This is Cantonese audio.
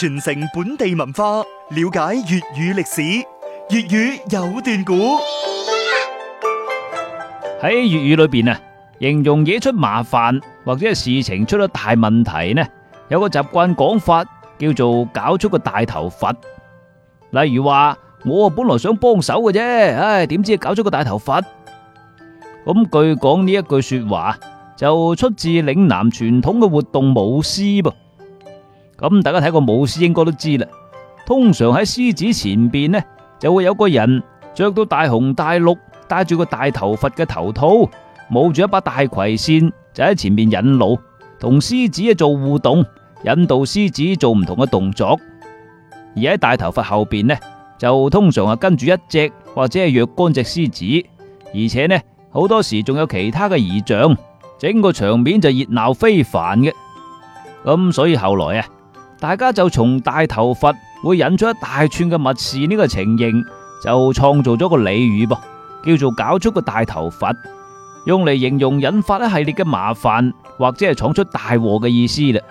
傳承本地文化，了解粵語歷史。粵語有段古，喺粵語裏邊啊，形容惹出麻煩或者係事情出咗大問題呢，有個習慣講法叫做搞出個大頭佛，例如話我本來想幫手嘅啫，唉、哎，點知搞出個大頭佛。咁據講呢一句說話就出自嶺南傳統嘅活動舞獅噃。咁大家睇過舞獅應該都知啦，通常喺獅子前邊呢，就會有個人着到大紅大綠，戴住個大頭佛嘅頭套，舞住一把大葵扇，就喺前面引路，同獅子做互動，引導獅子做唔同嘅動作。而喺大頭佛後邊呢，就通常係跟住一隻或者係若干隻獅子，而且呢好多時仲有其他嘅儀仗，整個場面就熱鬧非凡嘅。咁所以後來啊。大家就從「大頭佛」會引出一大串嘅物事呢個情形，就創造咗個俚語噃，叫做「搞出個大頭佛」，用嚟形容引發一系列嘅麻煩，或者係闖出大禍嘅意思啦。